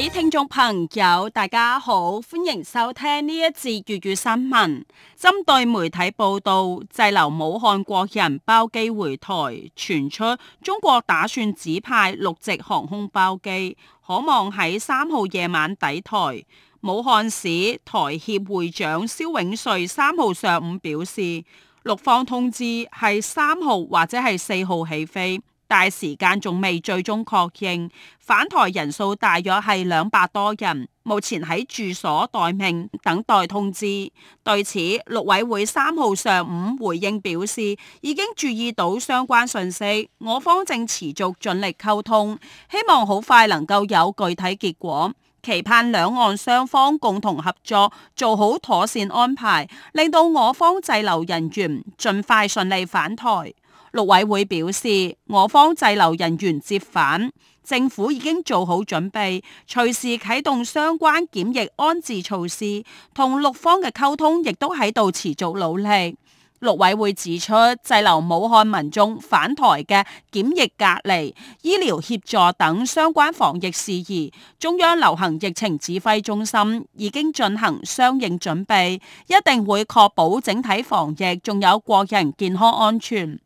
各位聽眾朋友，大家好，歡迎收聽呢一節粵語新聞。針對媒體報道滯留武漢國人包機回台，傳出中國打算指派陸籍航空包機，可望喺三號夜晚抵台。武漢市台協會會長蕭永瑞三號上午表示，陸方通知係三號或者係四號起飛。但時間仲未最終確認，返台人數大約係兩百多人，目前喺住所待命，等待通知。對此，陸委會三號上午回應表示，已經注意到相關信息，我方正持續盡力溝通，希望好快能夠有具體結果，期盼兩岸雙方共同合作，做好妥善安排，令到我方滯留人員盡快順利返台。陸委會表示，我方滯留人員接返，政府已經做好準備，隨時啟動相關檢疫安置措施，同陸方嘅溝通亦都喺度持續努力。陸委會指出，滯留武漢民眾返台嘅檢疫隔離、醫療協助等相關防疫事宜，中央流行疫情指揮中心已經進行相應準備，一定會確保整體防疫，仲有國人健康安全。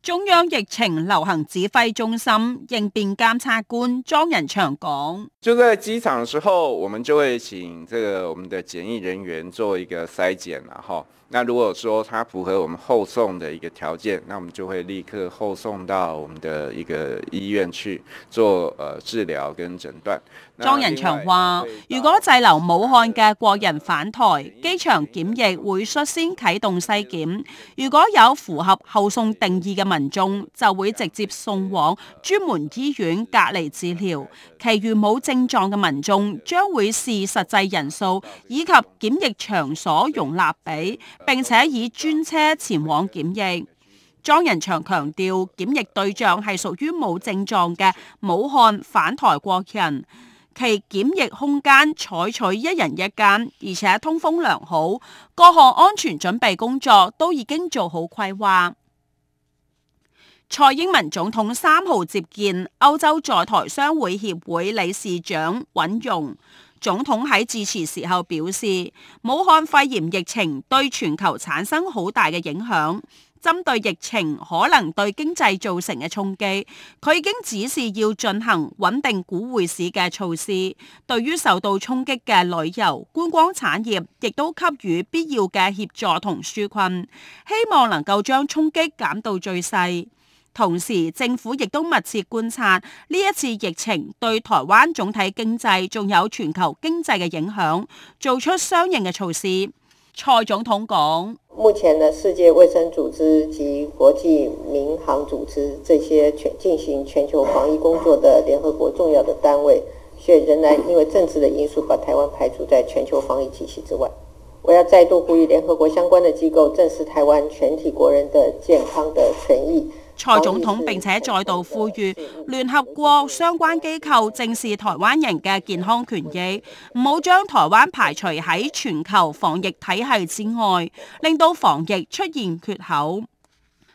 中央疫情流行指揮中心應變監察官莊人祥講：就在機場時候，我們就會請這個我們的檢疫人員做一個篩檢啦，哈。那如果說他符合我們後送的一個條件，那我們就會立刻後送到我們的一個醫院去做呃治療跟診斷。莊人祥話：如果滯留武漢嘅國人返台，機場檢疫會率先啟動篩檢。如果有符合後送定義嘅民眾，就會直接送往專門醫院隔離治療。其餘冇症狀嘅民眾，將會視實際人數以及檢疫場所容納比，並且以專車前往檢疫。莊人祥強調，檢疫對象係屬於冇症狀嘅武漢返台國人，其檢疫空間採取一人一間，而且通風良好，各項安全準備工作都已經做好規劃。蔡英文總統三號接見歐洲在台商會協會理事長尹容。總統喺致辭時候表示，武漢肺炎疫情對全球產生好大嘅影響。針對疫情可能對經濟造成嘅衝擊，佢已經指示要進行穩定股匯市嘅措施。對於受到衝擊嘅旅遊、觀光產業，亦都給予必要嘅協助同紓困，希望能夠將衝擊減到最細。同時，政府亦都密切觀察呢一次疫情對台灣總體經濟仲有全球經濟嘅影響，做出相應嘅措施。蔡總統講：目前呢，世界衛生組織及國際民航組織這些全進行全球防疫工作的聯合國重要嘅單位，卻仍然因為政治的因素把台灣排除在全球防疫體系之外。我要再度呼籲聯合國相關嘅機構正視台灣全體國人嘅健康的權益。蔡總統並且再度呼籲聯合國相關機構正視台灣人嘅健康權益，唔好將台灣排除喺全球防疫體系之外，令到防疫出現缺口。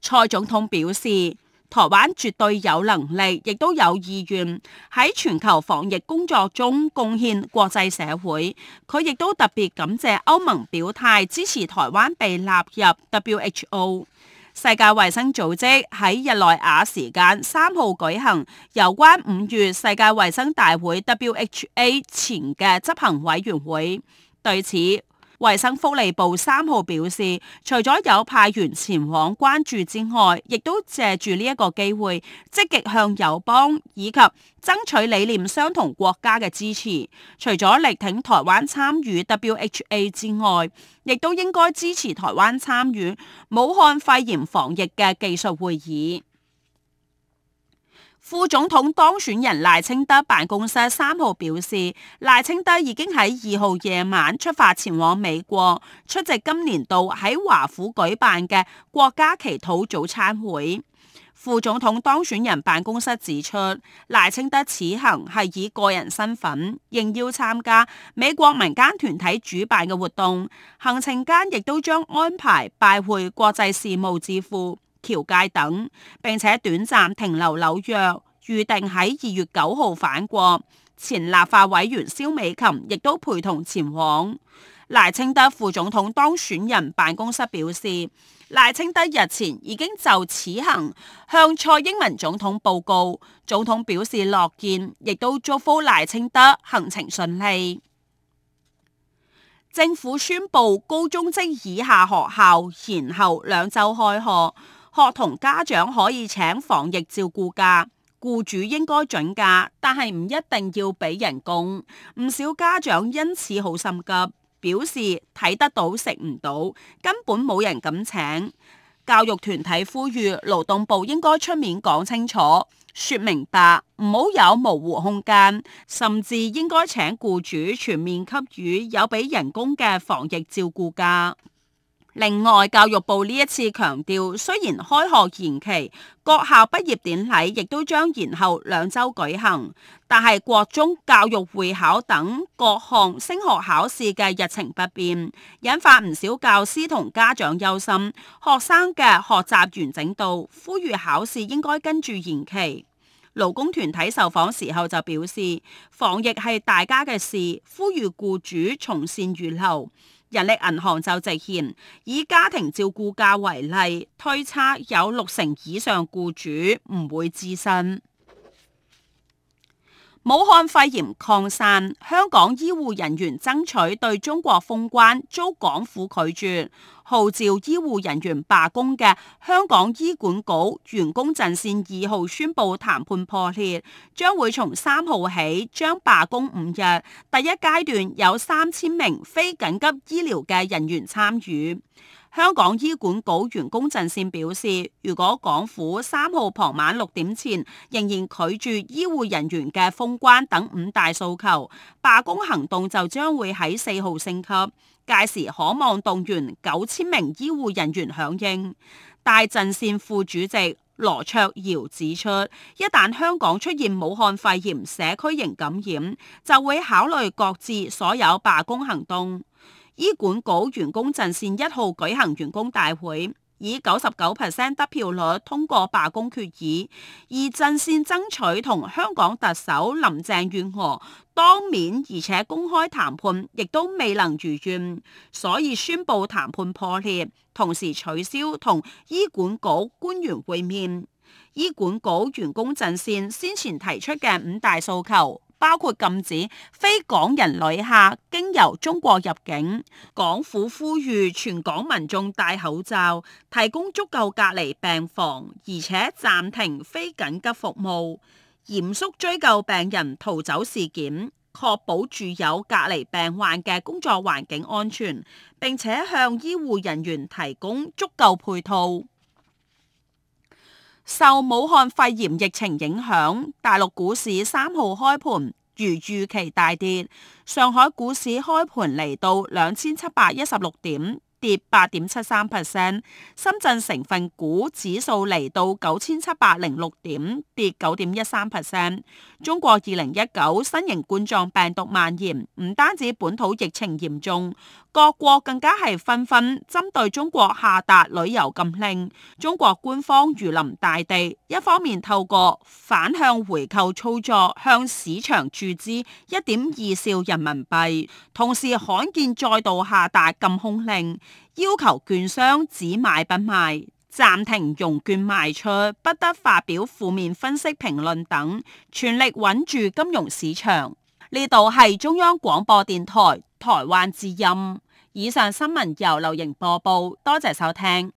蔡總統表示，台灣絕對有能力，亦都有意願喺全球防疫工作中貢獻國際社會。佢亦都特別感謝歐盟表態支持台灣被納入 WHO。世界衛生組織喺日內瓦時間三號舉行有關五月世界衛生大會 （WHA） 前嘅執行委員會，對此，衛生福利部三號表示，除咗有派員前往關注之外，亦都借住呢一個機會，積極向友邦以及爭取理念相同國家嘅支持。除咗力挺台灣參與 WHA 之外，亦都應該支持台灣參與武漢肺炎防疫嘅技術會議。副總統當選人賴清德辦公室三號表示，賴清德已經喺二號夜晚出發前往美國出席今年度喺華府舉辦嘅國家祈禱早餐會。副總統當選人辦公室指出，賴清德此行係以個人身份應邀參加美國民間團體主辦嘅活動，行程間亦都將安排拜會國際事務智庫。橋界等，並且短暫停留紐約，預定喺二月九號返國。前立法委員蕭美琴亦都陪同前往。賴清德副總統當選人辦公室表示，賴清德日前已經就此行向蔡英文總統報告，總統表示樂見，亦都祝福賴清德行程順利。政府宣布高中職以下學校延後兩週開學。學童家長可以請防疫照顧假，雇主應該準假，但係唔一定要俾人工。唔少家長因此好心急，表示睇得到食唔到，根本冇人敢請。教育團體呼籲勞動部應該出面講清楚、說明白，唔好有模糊空間，甚至應該請雇主全面給予有俾人工嘅防疫照顧假。另外，教育部呢一次強調，雖然開學延期，各校畢業典禮亦都將延後兩週舉行，但係國中教育會考等各項升學考試嘅日程不變，引發唔少教師同家長憂心學生嘅學習完整度。呼籲考試應該跟住延期。勞工團體受訪時候就表示，防疫係大家嘅事，呼籲僱主從善如流。人力銀行就直言，以家庭照顧假為例，推測有六成以上雇主唔會置詢。武漢肺炎擴散，香港醫護人員爭取對中國封關遭港府拒絕，號召醫護人員罷工嘅香港醫管局員工陣線二號宣布談判破裂，將會從三號起將罷工五日，第一階段有三千名非緊急醫療嘅人員參與。香港醫管局員工陣線表示，如果港府三號傍晚六點前仍然拒絕醫護人員嘅封關等五大訴求，罷工行動就將會喺四號升級，屆時可望動員九千名醫護人員響應。大陣線副主席羅卓堯指出，一旦香港出現武漢肺炎社區型感染，就會考慮擱置所有罷工行動。醫管局員工陣線一號舉行員工大會，以九十九 percent 得票率通過罷工決議，而陣線爭取同香港特首林鄭月娥當面而且公開談判，亦都未能如願，所以宣布談判破裂，同時取消同醫管局官員會面。醫管局員工陣線先前提出嘅五大訴求。包括禁止非港人旅客經由中國入境，港府呼籲全港民眾戴口罩，提供足夠隔離病房，而且暫停非緊急服務，嚴肅追究病人逃走事件，確保住有隔離病患嘅工作環境安全，並且向醫護人員提供足夠配套。受武漢肺炎疫情影響，大陸股市三號開盤如預期大跌，上海股市開盤嚟到兩千七百一十六點，跌八點七三 percent；深圳成分股指數嚟到九千七百零六點，跌九點一三 percent。中國二零一九新型冠狀病毒蔓延，唔單止本土疫情嚴重。各國更加係紛紛針對中國下達旅遊禁令。中國官方如臨大敵，一方面透過反向回購操作向市場注資一點二兆人民幣，同時罕見再度下達禁空令，令，要求券商只買不賣，暫停融券賣出，不得發表負面分析評論等，全力穩住金融市場。呢度係中央廣播電台台灣之音。以上新聞由劉瑩播報，多謝收聽。